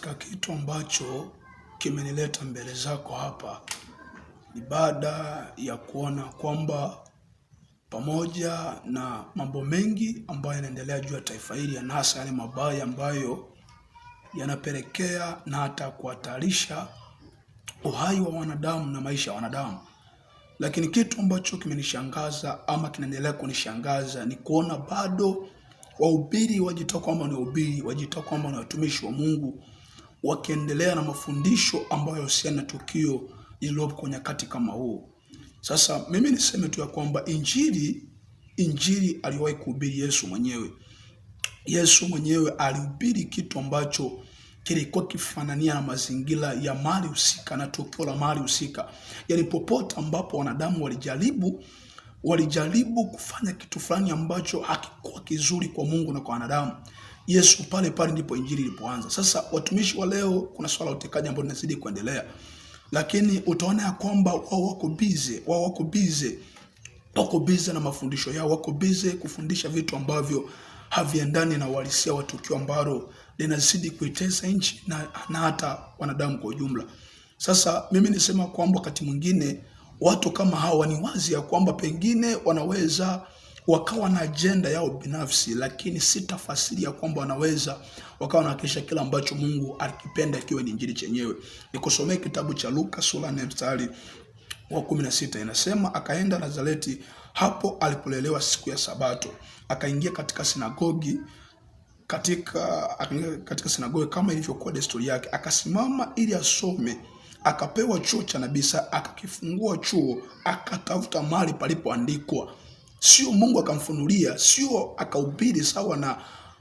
katika kitu ambacho kimenileta mbele zako hapa ni baada ya kuona kwamba pamoja na mambo mengi ambayo yanaendelea juu ya taifa hili ya nasa, yale mabaya ambayo yanapelekea na hata kuhatarisha uhai wa wanadamu na maisha ya wanadamu, lakini kitu ambacho kimenishangaza ama kinaendelea kunishangaza ni kuona bado wahubiri wajitoa kwamba ni wahubiri, wajitoa kwamba ni watumishi wa Mungu wakiendelea na mafundisho ambayo yahusiana na tukio lililopo kwa nyakati kama huu. Sasa mimi niseme tu ya kwamba injili injili aliwahi kuhubiri Yesu mwenyewe. Yesu mwenyewe alihubiri kitu ambacho kilikuwa kifanania na mazingira ya mali husika na tukio la mali husika, yaani popote ambapo wanadamu walijaribu walijaribu kufanya kitu fulani ambacho hakikuwa kizuri kwa Mungu na kwa wanadamu. Yesu pale pale ndipo injili ilipoanza. Sasa watumishi wa leo, kuna swala la utekaji ambalo linazidi kuendelea, lakini utaona ya kwamba wao wako bize, wao wako bize, wako bize na mafundisho yao, wako bize kufundisha vitu ambavyo haviendani na uhalisia wa tukio ambalo linazidi kuitesa nchi na, na hata wanadamu kwa ujumla. Sasa mimi nisema kwamba wakati mwingine watu kama hawa ni wazi ya kwamba pengine wanaweza wakawa na ajenda yao binafsi, lakini si tafasiri ya kwamba wanaweza wakawa wanahakikisha kila ambacho Mungu akipenda ikiwa ni injili chenyewe. Nikusomee kitabu cha Luka sura ya mstari wa kumi na sita inasema, akaenda Nazareti hapo alipolelewa, siku ya Sabato akaingia katika sinagogi katika, katika sinagogi kama ilivyokuwa desturi yake, akasimama ili asome akapewa chuo cha nabii Isaya, akakifungua chuo, akatafuta mahali palipoandikwa. Sio Mungu akamfunulia, sio akahubiri sawa na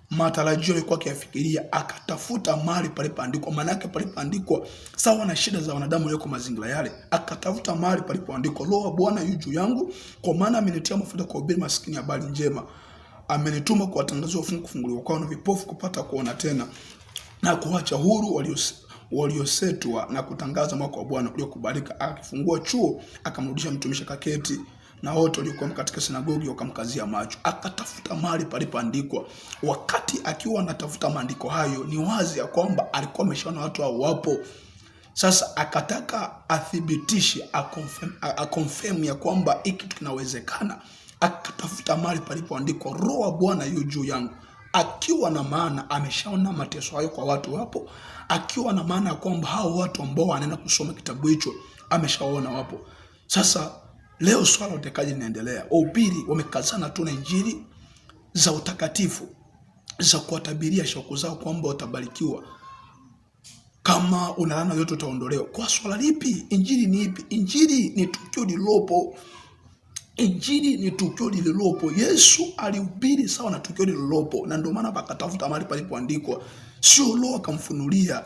matarajio alikuwa akiyafikiria, akatafuta mahali palipoandikwa. Maana yake palipoandikwa sawa na shida za wanadamu walioko mazingira yale, akatafuta mahali palipoandikwa, Roho wa Bwana yu juu yangu, kwa maana amenitia mafuta kuwahubiri maskini habari njema, amenituma kuwatangazia wafungu kufunguliwa kwao na vipofu kupata kuona tena, na kuacha huru walios waliosetwa na kutangaza mwaka wa Bwana uliokubalika. Akifungua chuo akamrudisha mtumishi kaketi na wote waliokuwa katika sinagogi wakamkazia macho. Akatafuta mahali palipoandikwa. Wakati akiwa anatafuta maandiko hayo, ni wazi ya kwamba alikuwa ameshaona watu hao wapo. Sasa akataka athibitishe, akonfirm, ya kwamba hiki kitu kinawezekana. Akatafuta mahali palipoandikwa, Roho wa Bwana yu juu yangu akiwa na maana ameshaona mateso hayo kwa watu wapo, akiwa na maana ya kwamba hao watu ambao wanaenda kusoma kitabu hicho ameshaona wapo. Sasa leo swala la utekaji linaendelea. Wahubiri wamekazana tu na injili za utakatifu za kuwatabiria shauku zao kwamba watabarikiwa, kama una laana yote utaondolewa. Kwa swala lipi? Injili ni ipi? Injili ni tukio lilopo. Injili ni tukio lililopo. Yesu alihubiri sawa na tukio lililopo, na ndio maana pakatafuta mahali palipoandikwa, sio Roho akamfunulia.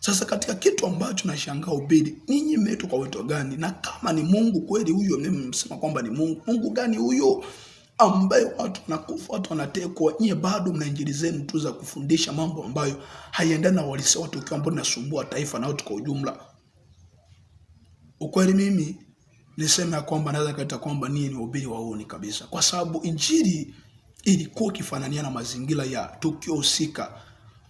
Sasa katika kitu ambacho nashangaa Obedi, ninyi mmeitwa kwa wito gani? Na kama ni Mungu kweli huyo, mmesema kwamba ni Mungu, Mungu gani huyo ambaye watu wanakufa, watu wanatekwa, nyie bado mna injili zenu tu za kufundisha mambo ambayo haiendani na uhalisia wa tukio ambalo linasumbua taifa na watu kwa ujumla. Ukweli mimi niseme ya kwamba naweza kaita kwamba niye ni wahubiri uoni kabisa, kwa sababu injili ilikuwa ikifanania na mazingira ya tukio husika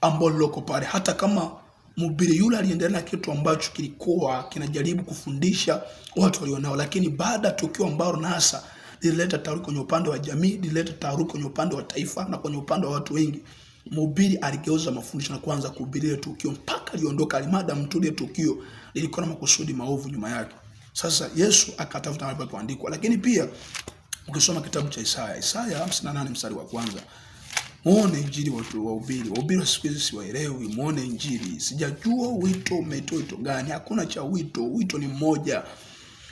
ambalo liloko pale, hata kama mhubiri yule aliendelea na kitu ambacho kilikuwa kinajaribu kufundisha watu walionao, lakini baada ya tukio ambalo nasa lilileta taharuki kwenye upande wa jamii, lilileta taharuki kwenye upande wa taifa na kwenye upande wa watu wengi, mhubiri aligeuza mafundisho na kuanza kuhubiri tukio mpaka aliondoka. Alimada mtu ile tukio lilikuwa na makusudi maovu nyuma yake. Sasa Yesu akatafuta mahali pa kuandikwa, lakini pia ukisoma kitabu cha Isaya, Isaya 58 mstari wa kwanza Muone injili watu wahubiri, wahubiri wa siku hizi siwaelewi. Muone injili, sijajua wito umetoa wito gani? Hakuna cha wito, wito ni mmoja.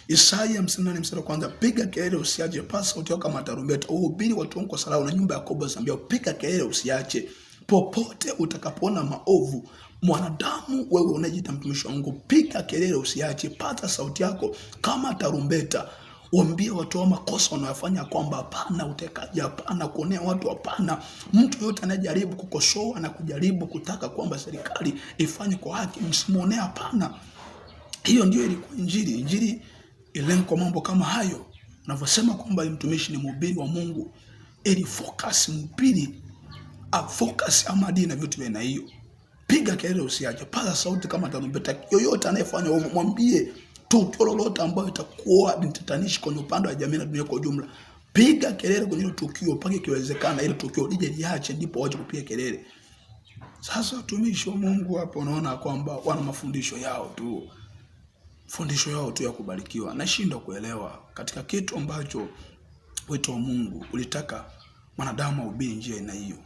Isaya 58 mstari wa kwanza, piga kelele usiache, pasa sauti yako kama tarumbeta, uhubiri watu wangu kwa sala na nyumba ya Yakobo zambia, piga kelele usiache, popote utakapoona maovu, Mwanadamu wewe unajiita mtumishi wangu Mungu, piga kelele, usiache. Pata sauti yako kama tarumbeta, waambie watu wa makosa wanayofanya kwamba hapana utekaji, hapana kuonea watu, hapana. Mtu yote anayejaribu kukosoa na kujaribu kutaka kwamba serikali ifanye kwa haki, msimuonee hapana. Hiyo ndio ilikuwa Injili. Injili ilenga kwa mambo kama hayo, unavyosema kwamba mtumishi ni mhubiri wa Mungu, ili focus mhubiri a focus ama dini na vitu vya aina hiyo. Piga kelele, usiache, paza sauti kama tarumbeta. Yoyote anayefanya hivyo, mwambie tukio lolote ambayo itakuwa nitatanishi kwenye upande wa jamii na dunia kwa ujumla. Piga kelele kwenye tukio mpaka ikiwezekana ile tukio lije liache, ndipo waje kupiga kelele. Sasa watumishi wa Mungu hapo, unaona kwamba wana mafundisho yao tu, fundisho yao tu ya kubarikiwa. Nashindwa kuelewa katika kitu ambacho wito wa Mungu ulitaka mwanadamu ahubiri njia ina hiyo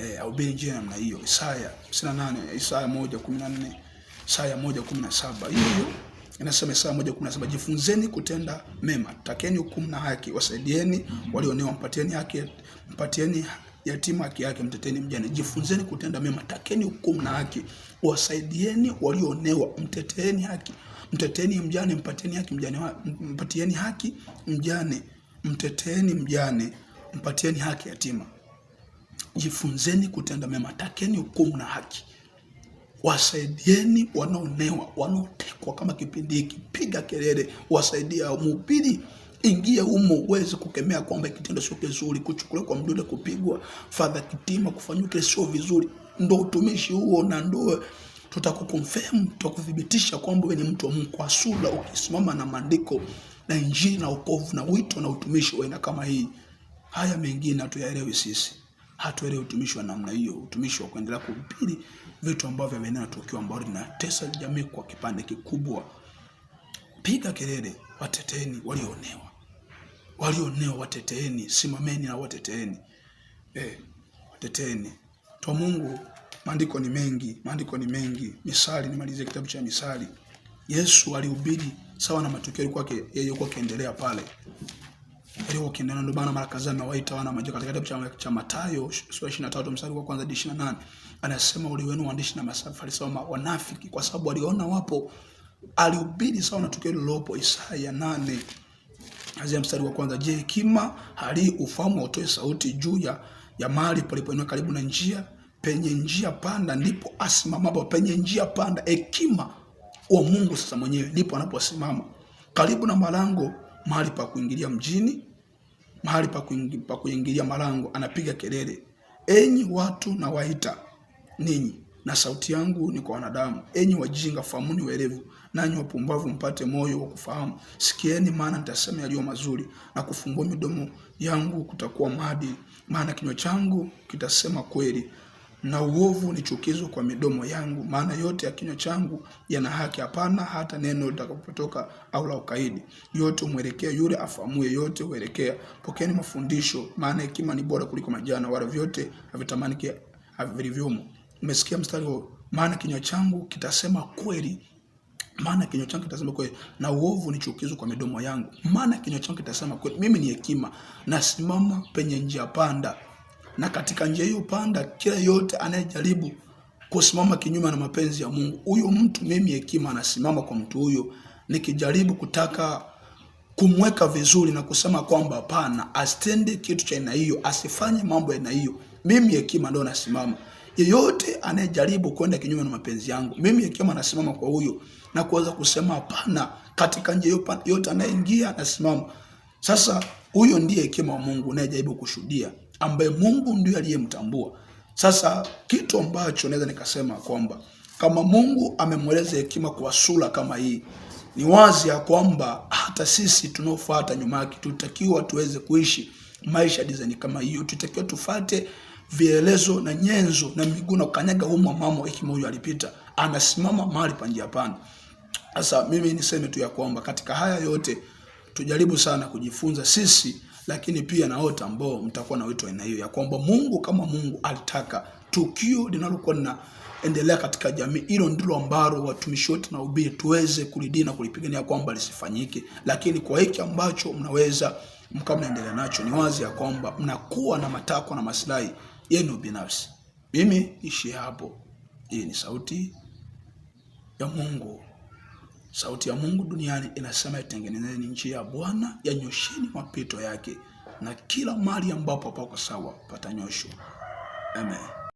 eh, au Biblia namna hiyo, Isaya 58, Isaya 1:14, Isaya 1:17. Hiyo inasema Isaya 1:17, jifunzeni kutenda mema, takeni hukumu na haki, wasaidieni walionewa, mpatieni haki, mpatieni yatima haki yake, mteteni mjane. Jifunzeni kutenda mema, takeni hukumu na haki, wasaidieni walionewa, mteteeni haki, mteteni mjane, mpatieni haki mjane, mpatieni haki mjane, mteteni mjane, mpatieni haki yatima jifunzeni kutenda mema, takeni hukumu na haki, wasaidieni wanaonewa, wanaotekwa. Kama kipindi hiki, piga kelele, wasaidia. Mhubiri, ingia humo, uweze kukemea kwamba kitendo sio kizuri, kuchukuliwa kwa mdude, kupigwa fadha kitima, kufanywa kile sio vizuri. Ndo utumishi huo, na ndo tutakukonfirm, tutakuthibitisha kwamba wewe ni mtu wa Mungu kwa sura, ukisimama na maandiko na Injili na wokovu na wito na utumishi wa aina kama hii. Haya mengine hatuyaelewi sisi hatuele utumishi wa namna hiyo, utumishi wa kuendelea kuhubiri vitu ambavyo vimeenea tukio ambalo linatesa jamii kwa kipande kikubwa. Piga kelele, wateteeni walioonewa, walioonewa wateteeni, simameni na wateteeni eh, wateteeni twa Mungu. Maandiko ni mengi, maandiko ni mengi. Misali, nimalizie kitabu cha Misali. Yesu alihubiri sawa na matukio yeye yaliyokuwa kiendelea pale walio ukiendana, Ndio maana mara kadhaa amewaita wana majua katika kitabu cha, cha Mathayo sura 23 mstari wa kwanza hadi 28, anasema wale wenu waandishi na Mafarisayo wanafiki, kwa sababu waliona wapo. Alihubiri sawa na tukio lilopo Isaya 8 azia mstari wa kwanza, je, hekima hali ufahamu utoe sauti juu ya ya mali palipoinua karibu na njia penye njia panda ndipo asimamapo. Penye njia panda, hekima wa Mungu sasa mwenyewe ndipo anaposimama karibu na malango, mahali pa kuingilia mjini mahali pa kuingilia malango, anapiga kelele, enyi watu na waita ninyi, na sauti yangu ni kwa wanadamu. Enyi wajinga, fahamuni welevu nanyi wapumbavu, mpate moyo wa kufahamu. Sikieni, maana nitasema yaliyo mazuri, na kufungua midomo yangu kutakuwa maadili, maana kinywa changu kitasema kweli na uovu ni chukizo kwa midomo yangu, maana yote ya kinywa changu yana haki, hapana hata neno litakapotoka au la ukaidi. Yote umwelekea yule afahamuye, yote uelekea. Pokeeni mafundisho, maana hekima ni bora kuliko majana, wala vyote havitamani vilivyomo. Umesikia mstari huo? Maana kinywa changu kitasema kweli maana kinywa changu kitasema kweli, na uovu ni chukizo kwa midomo yangu. Maana kinywa changu kitasema kweli. Mimi ni hekima, nasimama penye njia panda na katika njia hiyo panda, kila yote anayejaribu kusimama kinyume na mapenzi ya Mungu, huyo mtu mimi hekima anasimama kwa mtu huyo, nikijaribu kutaka kumweka vizuri na kusema kwamba hapana, asitende kitu cha aina hiyo, asifanye mambo ya aina hiyo, mimi hekima ndio nasimama. Yeyote anayejaribu kwenda kinyume na mapenzi yangu, mimi hekima nasimama kwa huyo na kuweza kusema hapana, katika njia yote anayeingia nasimama. Sasa huyo ndiye hekima wa Mungu, unayejaribu kushuhudia ambaye Mungu ndiye aliyemtambua. Sasa kitu ambacho naweza nikasema kwamba kama Mungu amemweleza hekima kwa sura kama hii, ni wazi ya kwamba hata sisi tunaofuata nyuma yake tutakiwa tuweze kuishi maisha design kama hiyo, tutakiwa tufate vielezo na nyenzo na miguu na kukanyaga humo mamo hekima huyo alipita, anasimama mahali pa njia panda. Sasa mimi niseme tu ya kwamba katika haya yote tujaribu sana kujifunza sisi lakini pia na wote ambao mtakuwa na wito aina hiyo ya kwamba Mungu kama Mungu alitaka tukio linalokuwa linaendelea katika jamii, hilo ndilo ambalo watumishi wote na ubii tuweze kulidii na kulipigania kwamba lisifanyike. Lakini kwa hiki ambacho mnaweza mkawa mnaendelea nacho, ni wazi ya kwamba mnakuwa na matakwa na maslahi yenu binafsi. Mimi ishi hapo. Hii ni sauti ya Mungu. Sauti ya Mungu duniani inasema, itengenezeni njia ya Bwana, yanyosheni mapito yake, na kila mahali ambapo pako sawa patanyoshwa. Amen.